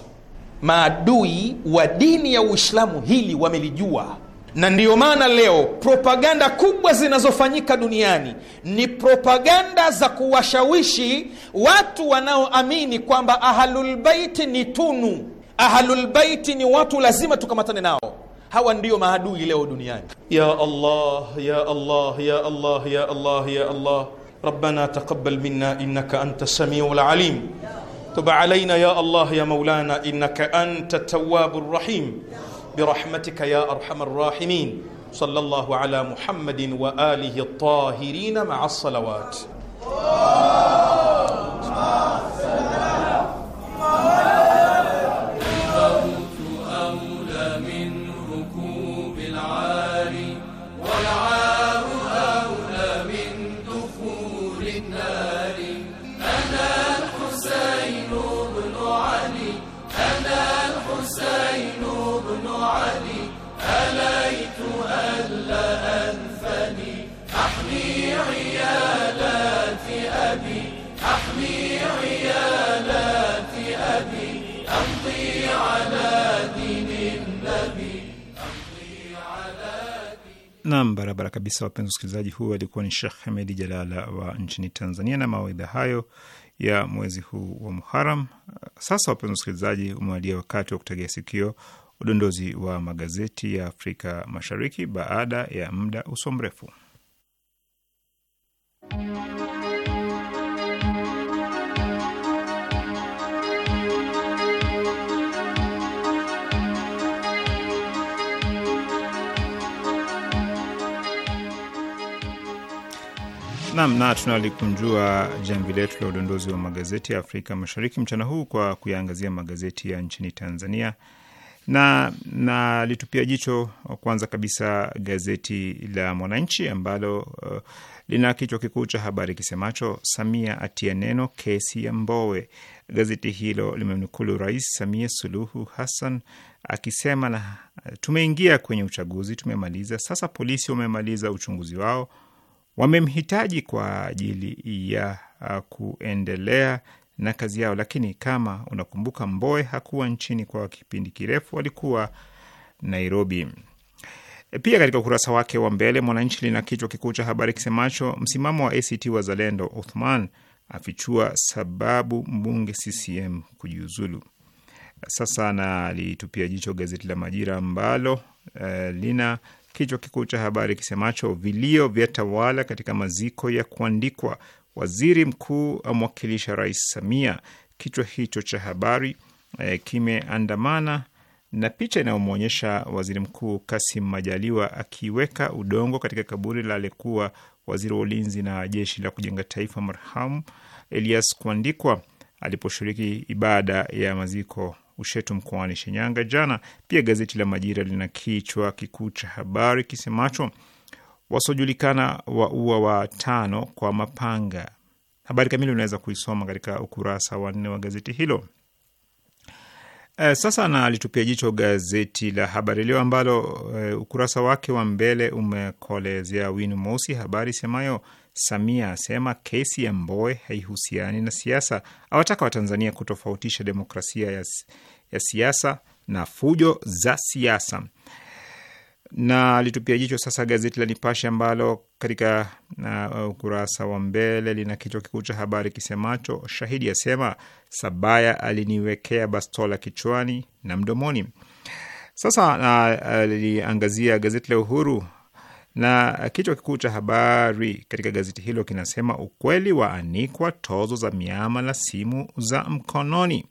A: maadui wa dini ya Uislamu hili wamelijua na ndiyo maana leo propaganda kubwa zinazofanyika duniani ni propaganda za kuwashawishi watu wanaoamini kwamba ahlulbaiti ni tunu, ahlulbaiti ni watu lazima tukamatane nao. Hawa ndiyo maadui leo duniani. Ya Allah, ya Allah, ya Allah, ya Allah, ya Allah, rabbana taqabbal minna innaka anta samiu lalim tub alaina ya Allah ya maulana innaka anta tawabu rahim ya برحمتك يا أرحم الراحمين صلى الله على محمد وآله الطاهرين مع الصلوات
C: Nam, barabara kabisa, wapenzi wasikilizaji, huu alikuwa ni Shekh Hamedi Jalala wa nchini Tanzania na mawaidha hayo ya mwezi huu wa Muharam. Sasa wapenzi wasikilizaji, umewadia wakati wa kutegea sikio udondozi wa magazeti ya Afrika Mashariki baada ya muda usio mrefu. Nam na, tunalikunjua jamvi letu la udondozi wa magazeti ya Afrika Mashariki mchana huu kwa kuyaangazia magazeti ya nchini Tanzania na nalitupia jicho kwanza kabisa gazeti la Mwananchi ambalo uh, lina kichwa kikuu cha habari kisemacho Samia atia neno kesi ya Mbowe. Gazeti hilo limemnukulu Rais Samia Suluhu Hassan akisema, na tumeingia kwenye uchaguzi tumemaliza, sasa polisi wamemaliza uchunguzi wao wamemhitaji kwa ajili ya uh, kuendelea na kazi yao. Lakini kama unakumbuka, Mboe hakuwa nchini kwa kipindi kirefu, alikuwa Nairobi. Pia katika ukurasa wake wa mbele Mwananchi lina kichwa kikuu cha habari kisemacho msimamo wa ACT Wazalendo, Uthman afichua sababu mbunge CCM kujiuzulu. Sasa nalitupia jicho gazeti la Majira ambalo eh, lina kichwa kikuu cha habari kisemacho vilio vya tawala katika maziko ya kuandikwa, waziri mkuu amwakilisha Rais Samia. Kichwa hicho cha habari e, kimeandamana na picha inayomwonyesha waziri mkuu Kasim Majaliwa akiweka udongo katika kaburi la aliyekuwa waziri wa ulinzi na jeshi la kujenga taifa marhamu Elias Kuandikwa aliposhiriki ibada ya maziko Ushetu mkoani Shinyanga jana. Pia gazeti la Majira lina kichwa kikuu cha habari kisemacho wasiojulikana wa ua wa tano kwa mapanga. Habari kamili unaweza kuisoma katika ukurasa wa nne wa gazeti hilo. E, sasa nalitupia jicho gazeti la Habari Leo ambalo e, ukurasa wake wa mbele umekolezea wino mweusi habari semayo Samia asema kesi ya mboe haihusiani na siasa, awataka Watanzania kutofautisha demokrasia ya, ya siasa na fujo za siasa. Na litupia jicho sasa gazeti la Nipashe ambalo katika uh, ukurasa wa mbele lina kichwa kikuu cha habari kisemacho shahidi asema Sabaya aliniwekea bastola kichwani na mdomoni. Sasa aliangazia gazeti la Uhuru na kichwa kikuu cha habari katika gazeti hilo kinasema ukweli waanikwa tozo za miamala simu za mkononi.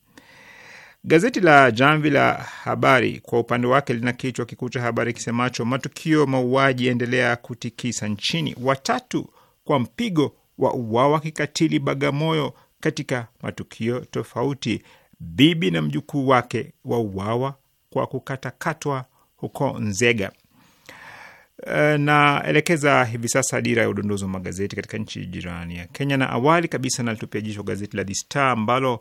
C: Gazeti la Jamvi la Habari kwa upande wake lina kichwa kikuu cha habari kisemacho matukio mauaji yaendelea kutikisa nchini, watatu kwa mpigo wa uwawa kikatili Bagamoyo katika matukio tofauti, bibi na mjukuu wake wa uwawa kwa kukatakatwa huko Nzega. Eh, naelekeza hivi sasa dira ya udondozi wa magazeti katika nchi jirani ya Kenya, na awali kabisa nalitupia jicho gazeti la The Star ambalo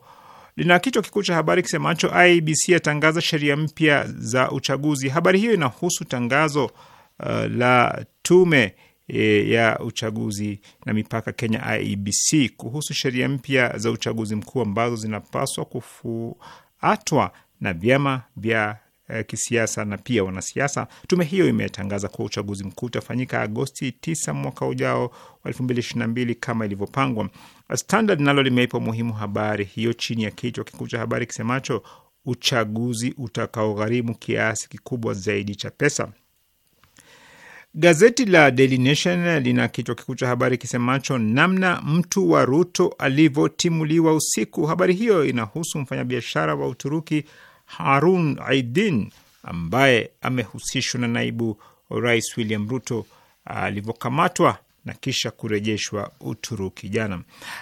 C: lina kichwa kikuu cha habari kisemacho IBC yatangaza sheria mpya za uchaguzi. Habari hiyo inahusu tangazo uh, la tume e, ya uchaguzi na mipaka Kenya IEBC kuhusu sheria mpya za uchaguzi mkuu ambazo zinapaswa kufuatwa na vyama vya Eh, kisiasa na pia wanasiasa. Tume hiyo imetangaza kuwa uchaguzi mkuu utafanyika Agosti 9 mwaka ujao wa 2022 kama ilivyopangwa. Standard nalo limeipa umuhimu habari hiyo chini ya kichwa kikuu cha habari kisemacho uchaguzi utakaogharimu kiasi kikubwa zaidi cha pesa. Gazeti la Daily Nation lina kichwa kikuu cha habari kisemacho namna mtu wa Ruto alivyotimuliwa usiku. Habari hiyo inahusu mfanyabiashara wa Uturuki Harun Aidin ambaye amehusishwa na naibu rais William Ruto alivyokamatwa na kisha kurejeshwa Uturuki jana.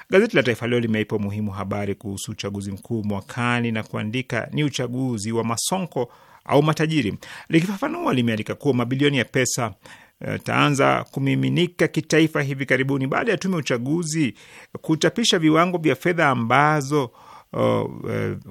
C: Gazeti la Taifa Leo limeipa umuhimu habari kuhusu uchaguzi mkuu mwakani na kuandika ni uchaguzi wa masonko au matajiri. Likifafanua, limeandika kuwa mabilioni ya pesa eh, taanza kumiminika kitaifa hivi karibuni baada ya tume ya uchaguzi kuchapisha viwango vya fedha ambazo uh,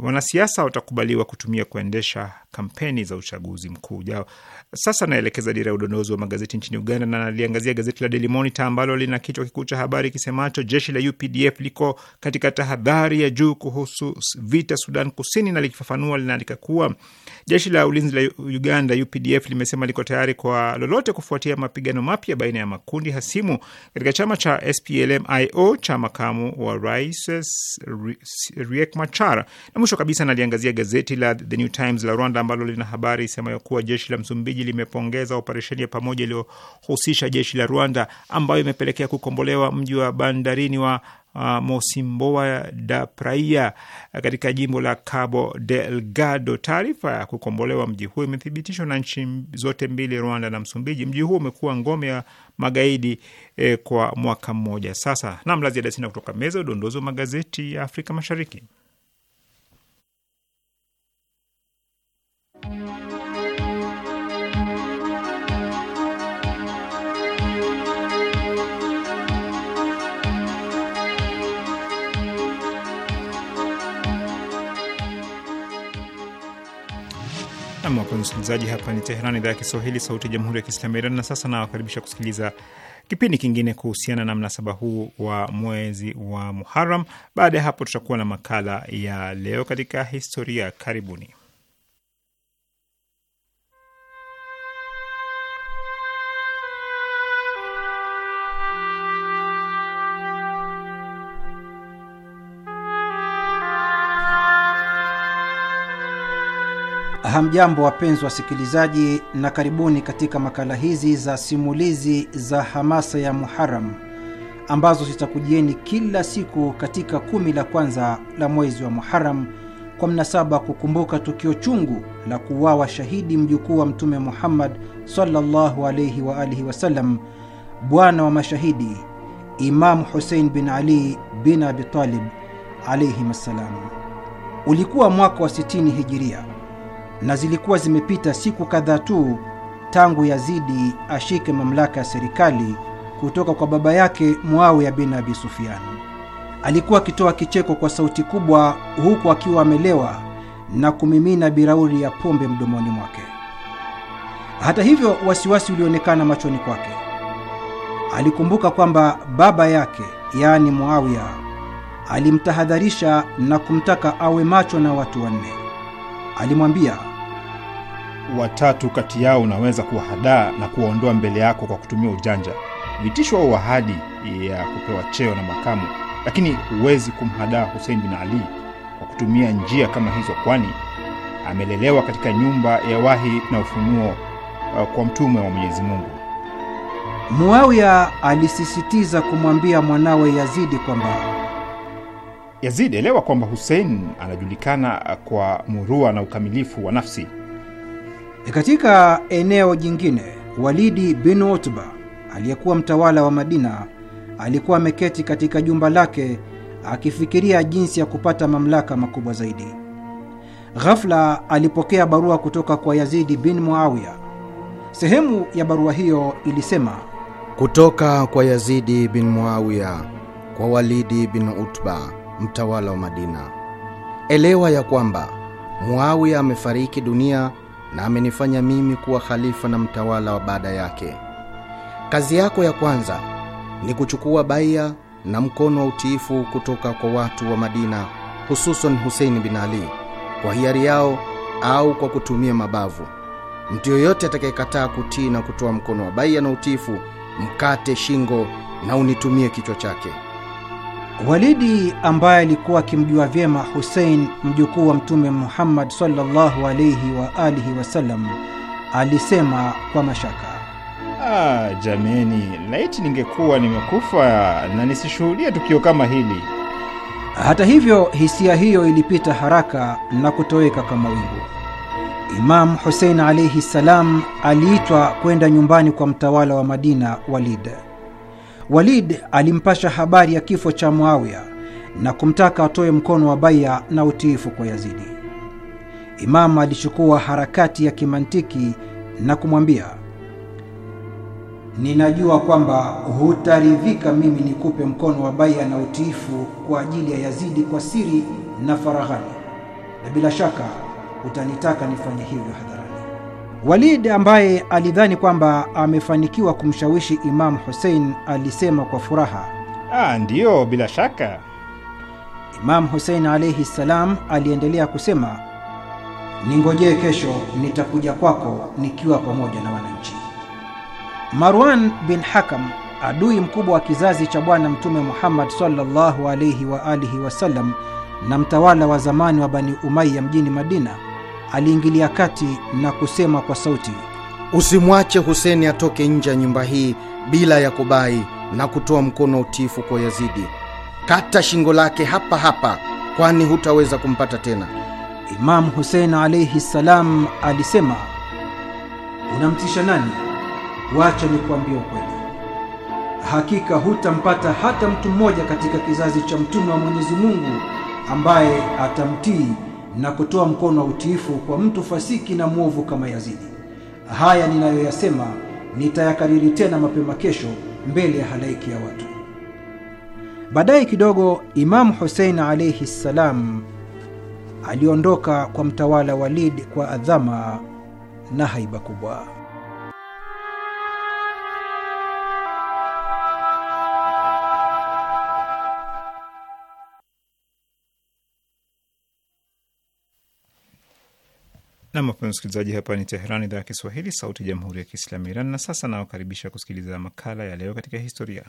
C: wanasiasa watakubaliwa kutumia kuendesha kampeni za uchaguzi mkuu ujao. Sasa naelekeza dira ya udondozi wa magazeti nchini Uganda na naliangazia gazeti la Daily Monitor ambalo lina kichwa kikuu cha habari kisemacho jeshi la UPDF liko katika tahadhari ya juu kuhusu vita Sudan Kusini, na likifafanua linaandika kuwa jeshi la ulinzi la Uganda UPDF limesema liko tayari kwa lolote kufuatia mapigano mapya baina ya makundi hasimu katika chama cha SPLM-IO cha makamu wa rais Riek Riek Machar. Na mwisho kabisa, naliangazia gazeti la The New Times la Rwanda ambalo lina habari isemayo kuwa jeshi la Msumbiji limepongeza operesheni ya pamoja iliyohusisha jeshi la Rwanda ambayo imepelekea kukombolewa mji wa bandarini wa Uh, Mosimboa da Praia uh, katika jimbo la Cabo Delgado. Taarifa ya kukombolewa mji huo imethibitishwa na nchi zote mbili, Rwanda na Msumbiji. Mji huo umekuwa ngome ya magaidi eh, kwa mwaka mmoja sasa. Namlaziada sina kutoka meza udondozi wa magazeti ya Afrika Mashariki. Wapenzi msikilizaji, hapa ni Teheran, idhaa ya Kiswahili, sauti ya jamhuri ya kiislamu ya Iran. Na sasa nawakaribisha kusikiliza kipindi kingine kuhusiana na mnasaba huu wa mwezi wa Muharam. Baada ya hapo, tutakuwa na makala ya leo katika historia. Karibuni.
D: Hamjambo, wapenzi wasikilizaji, na karibuni katika makala hizi za simulizi za hamasa ya Muharam ambazo zitakujieni kila siku katika kumi la kwanza la mwezi wa Muharam kwa mnasaba kukumbuka tukio chungu la kuuawa shahidi mjukuu wa Mtume Muhammad sallallahu alaihi wa alihi wasallam, bwana wa mashahidi Imamu Husein bin Ali bin Abi Talib alaihim assalam. Ulikuwa mwaka wa 60 hijiria na zilikuwa zimepita siku kadhaa tu tangu Yazidi ashike mamlaka ya serikali kutoka kwa baba yake Muawiya bin Abi Sufyan. Alikuwa akitoa kicheko kwa sauti kubwa, huku akiwa amelewa na kumimina birauri ya pombe mdomoni mwake. Hata hivyo, wasiwasi ulionekana machoni kwake. Alikumbuka kwamba baba yake, yaani Muawiya, alimtahadharisha na kumtaka awe macho na watu
C: wanne. Alimwambia, watatu kati yao unaweza kuwahadaa na kuwaondoa mbele yako kwa kutumia ujanja, vitisho au ahadi ya kupewa cheo na makamu, lakini huwezi kumhadaa Husein bin Ali kwa kutumia njia kama hizo, kwani amelelewa katika nyumba ya wahi na ufunuo uh, kwa
D: mtume wa Mwenyezi Mungu. Muawiya alisisitiza kumwambia mwanawe
C: Yazidi kwamba Yazidi, elewa kwamba Husein anajulikana kwa murua na ukamilifu wa nafsi E, katika eneo jingine,
D: Walidi bin Utba aliyekuwa mtawala wa Madina alikuwa ameketi katika jumba lake akifikiria jinsi ya kupata mamlaka makubwa zaidi. Ghafla alipokea barua kutoka kwa Yazidi bin Muawiya. Sehemu ya barua hiyo ilisema: kutoka kwa Yazidi bin Muawiya kwa Walidi bin Utba, mtawala wa Madina, elewa ya kwamba Muawiya amefariki dunia na amenifanya mimi kuwa khalifa na mtawala wa baada yake. Kazi yako ya kwanza ni kuchukua baia na mkono wa utiifu kutoka kwa watu wa Madina, hususan Huseini bin Ali, kwa hiari yao au kwa kutumia mabavu. Mtu yoyote atakayekataa kutii na kutoa mkono wa baia na utiifu, mkate shingo na unitumie kichwa chake. Walidi ambaye alikuwa akimjua vyema Husein mjukuu wa Mtume Muhammad sallallahu alaihi wa alihi wasallam alisema kwa
C: mashaka, ah, jameni, laiti ningekuwa nimekufa na nisishuhudia tukio kama hili. Hata hivyo, hisia hiyo ilipita haraka
D: na kutoweka kama wingu. Imamu Husein alaihi salam aliitwa kwenda nyumbani kwa mtawala wa Madina, Walid. Walid alimpasha habari ya kifo cha Muawiya na kumtaka atoe mkono wa baia na utiifu kwa Yazidi. Imamu alichukua harakati ya kimantiki na kumwambia, ninajua kwamba hutaridhika mimi nikupe mkono wa baia na utiifu kwa ajili ya Yazidi kwa siri na faraghani, na bila shaka utanitaka nifanye hivyo. Walid ambaye alidhani kwamba amefanikiwa kumshawishi Imamu Hussein alisema kwa furaha, ah, ndiyo, bila shaka. Imamu Hussein alaihi ssalam aliendelea kusema, ningojee kesho, nitakuja kwako nikiwa pamoja na wananchi. Marwan bin Hakam, adui mkubwa wa kizazi cha Bwana Mtume Muhammad sallallahu alaihi wa alihi wasallam na mtawala wa zamani wa Bani Umaya mjini Madina aliingilia kati na kusema kwa sauti, usimwache Huseni atoke nje ya nyumba hii bila ya kubai na kutoa mkono utifu utiifu kwa Yazidi. Kata shingo lake hapa hapa, kwani hutaweza kumpata tena. Imamu Husein alaihi ssalam alisema, unamtisha nani? Wacha nikuambie ukweli, hakika hutampata hata mtu mmoja katika kizazi cha mtume wa Mwenyezi Mungu ambaye atamtii na kutoa mkono wa utiifu kwa mtu fasiki na mwovu kama Yazidi. Haya ninayoyasema nitayakariri tena mapema kesho mbele ya halaiki ya watu. Baadaye kidogo, Imamu Husein alaihi ssalam aliondoka kwa mtawala Walid kwa adhama na haiba kubwa.
C: Nam, wapenzi msikilizaji, hapa ni Teheran, idhaa ya Kiswahili, sauti ya jamhuri ya kiislamu ya Iran. Na sasa nawakaribisha kusikiliza makala ya leo katika historia.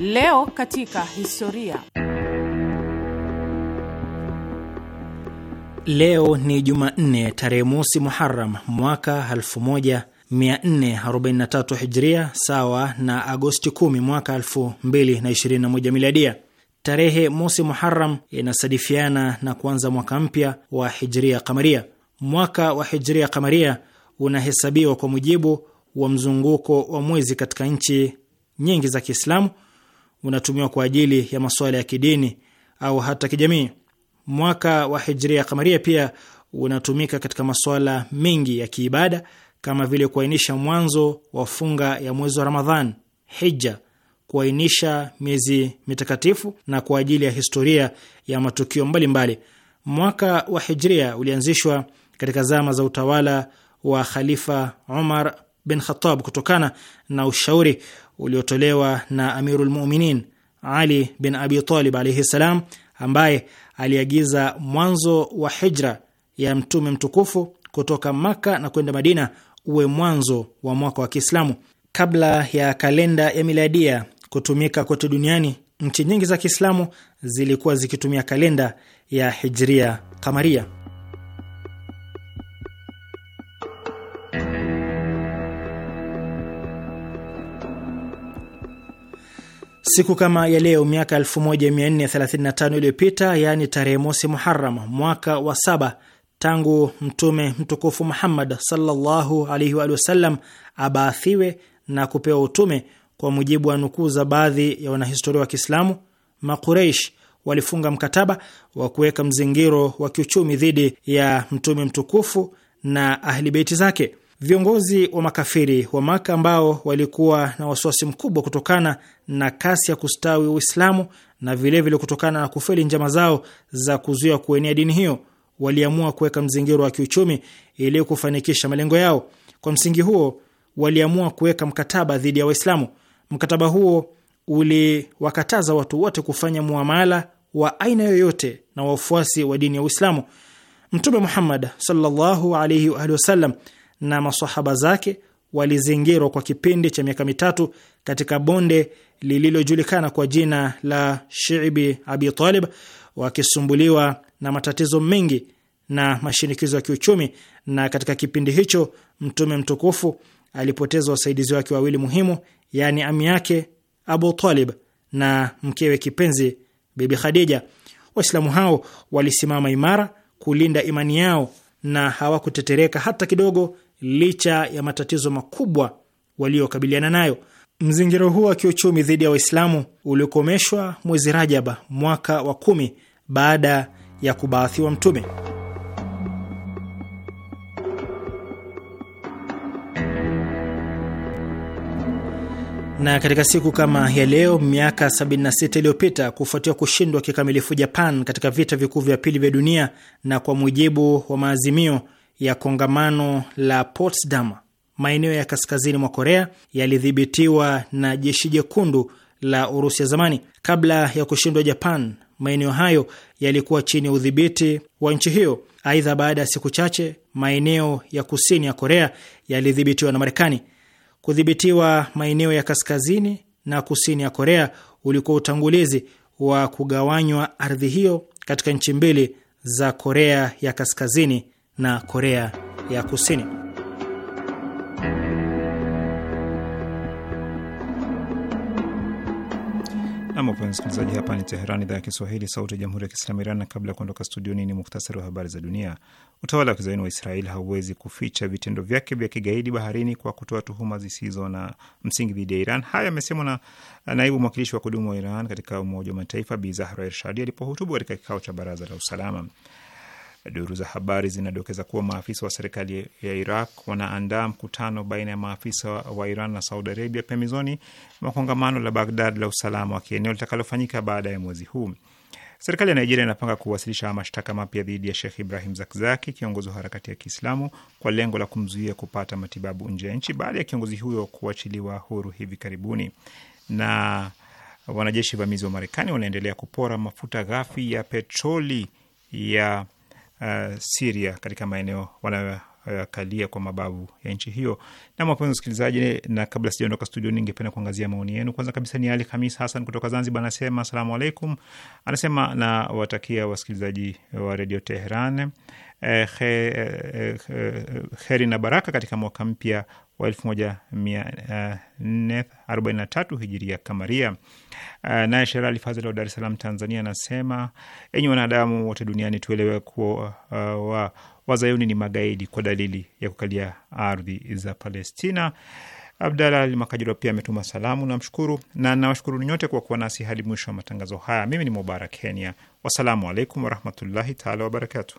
E: Leo katika historia
F: Leo ni Jumanne tarehe mosi Muharam mwaka 1443 Hijria, sawa na Agosti 10 mwaka 2021 Miladia. Tarehe mosi Muharam inasadifiana na kuanza mwaka mpya wa Hijria Kamaria. Mwaka wa Hijria Kamaria unahesabiwa kwa mujibu wa mzunguko wa mwezi katika nchi nyingi za Kiislamu, unatumiwa kwa ajili ya masuala ya kidini au hata kijamii. Mwaka wa hijria kamaria pia unatumika katika masuala mengi ya kiibada kama vile kuainisha mwanzo wa funga ya mwezi wa Ramadhan, hija, kuainisha miezi mitakatifu na kwa ajili ya historia ya matukio mbalimbali mbali. Mwaka wa hijria ulianzishwa katika zama za utawala wa Khalifa Umar bin Khattab kutokana na ushauri uliotolewa na Amirul Muminin Ali bin Abi Talib alaihi ssalam, ambaye aliagiza mwanzo wa hijra ya mtume mtukufu kutoka Makka na kwenda Madina uwe mwanzo wa mwaka wa Kiislamu. Kabla ya kalenda ya miladia kutumika kote duniani, nchi nyingi za Kiislamu zilikuwa zikitumia kalenda ya hijria kamaria. Siku kama ya leo miaka 1435 iliyopita, yaani tarehe mosi Muharam mwaka wa saba tangu Mtume mtukufu Muhammad sallallahu alaihi wa sallam abaathiwe na kupewa utume, kwa mujibu wa nukuu za baadhi ya wanahistoria wa Kiislamu, Makureish walifunga mkataba wa kuweka mzingiro wa kiuchumi dhidi ya mtume mtukufu na ahli beiti zake. Viongozi wa makafiri wa Maka ambao walikuwa na wasiwasi mkubwa kutokana na kasi ya kustawi Uislamu na vilevile vile kutokana na kufeli njama zao za kuzuia kuenea dini hiyo, waliamua kuweka mzingiro wa kiuchumi ili kufanikisha malengo yao. Kwa msingi huo, waliamua kuweka mkataba dhidi ya Waislamu. Mkataba huo uliwakataza watu wote kufanya muamala wa aina yoyote na wafuasi wa dini ya Uislamu. Mtume Muhammad sallallahu alaihi wa alihi wasallam na masahaba zake walizingirwa kwa kipindi cha miaka mitatu katika bonde lililojulikana kwa jina la Shiibi Abi Talib, wakisumbuliwa na matatizo mengi na mashinikizo ya kiuchumi. Na katika kipindi hicho Mtume mtukufu alipoteza wasaidizi wake wawili muhimu, yaani ami yake Abu Talib na mkewe kipenzi Bibi Khadija. Waislamu hao walisimama imara kulinda imani yao na hawakutetereka hata kidogo licha ya matatizo makubwa waliokabiliana nayo. Mzingiro huo wa kiuchumi dhidi ya Waislamu ulikomeshwa mwezi Rajaba mwaka wa kumi baada ya kubaathiwa Mtume. Na katika siku kama ya leo miaka 76 iliyopita, kufuatia kushindwa kikamilifu Japan katika vita vikuu vya pili vya dunia na kwa mujibu wa maazimio ya kongamano la Potsdam, maeneo ya kaskazini mwa Korea yalidhibitiwa na jeshi jekundu la Urusi ya zamani. Kabla ya kushindwa Japan, maeneo hayo yalikuwa chini ya udhibiti wa nchi hiyo. Aidha, baada ya siku chache, maeneo ya kusini ya Korea yalidhibitiwa na Marekani. Kudhibitiwa maeneo ya kaskazini na kusini ya Korea ulikuwa utangulizi wa kugawanywa ardhi hiyo katika nchi mbili za Korea ya kaskazini na Korea
C: ya Kusini. Namwapea msikilizaji, hapa ni teheran idhaa ya Kiswahili, sauti ya jamhuri ya kiislamu Iran. Na kabla ya kuondoka studioni, ni muktasari wa habari za dunia. Utawala wa kizaini wa Israel hauwezi kuficha vitendo vyake vya kigaidi baharini kwa kutoa tuhuma zisizo na msingi dhidi ya Iran. Haya amesemwa na naibu mwakilishi wa kudumu wa Iran katika Umoja wa Mataifa Bi Zahra Ershadi alipohutubu katika kikao cha Baraza la Usalama. Duru za habari zinadokeza kuwa maafisa wa serikali ya Iraq wanaandaa mkutano baina ya maafisa wa Iran na Saudi Arabia pembezoni mwa kongamano la Baghdad la usalama wa kieneo litakalofanyika baada ya mwezi huu. Serikali ya Nigeria inapanga kuwasilisha mashtaka mapya dhidi ya Shekh Ibrahim Zakzaki, kiongozi wa harakati ya Kiislamu, kwa lengo la kumzuia kupata matibabu nje ya nchi baada ya kiongozi huyo kuachiliwa huru hivi karibuni. Na wanajeshi vamizi wa Marekani wanaendelea kupora mafuta ghafi ya petroli ya uh, eh, Siria katika maeneo wanayokalia kwa mabavu ya nchi hiyo. Na mapenzi wasikilizaji, na kabla sijaondoka studioni, ningependa kuangazia maoni yenu. Kwanza kabisa ni Ali Khamis Hassan kutoka Zanzibar, anasema asalamu alaikum. Anasema na watakia wasikilizaji wa redio Teheran Eh, he, eh, eh, eh, heri na baraka katika mwaka mpya wa 1443 hijiria kamaria. Uh, naye Sherali Fazil wa Dar es Salaam, Tanzania, anasema enyi wanadamu wote duniani, tuelewe kuwa uh, wa, wazayuni ni magaidi kwa dalili ya kukalia ardhi za Palestina. Abdalah Ali Makajiro pia ametuma salamu. Namshukuru na nawashukuru nyote kwa kuwa nasi hadi mwisho wa matangazo haya. Mimi ni Mubarak Kenya, wassalamu alaikum warahmatullahi taala wabarakatu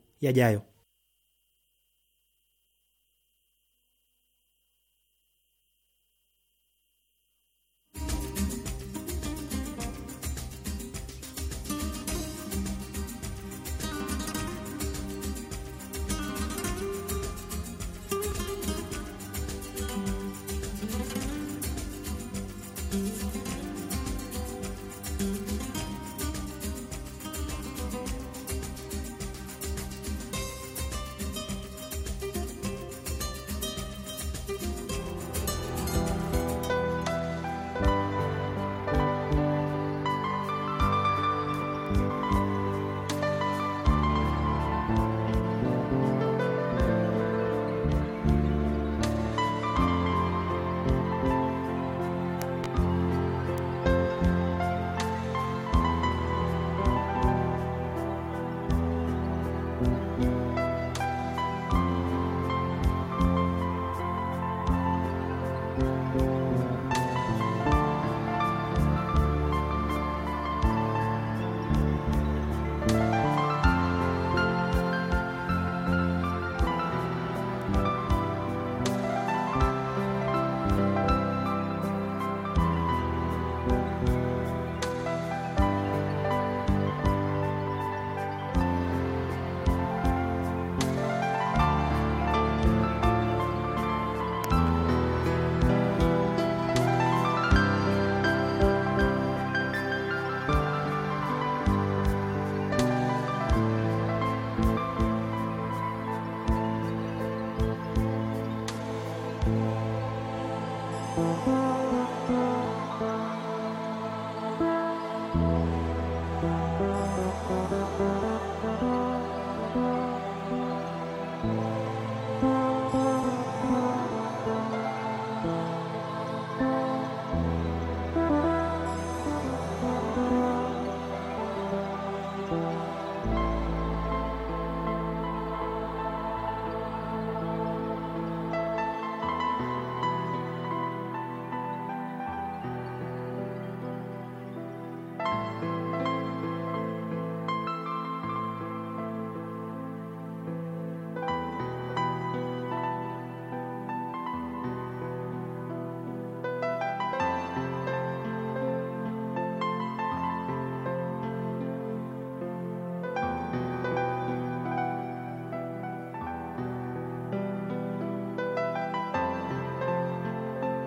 F: yajayo.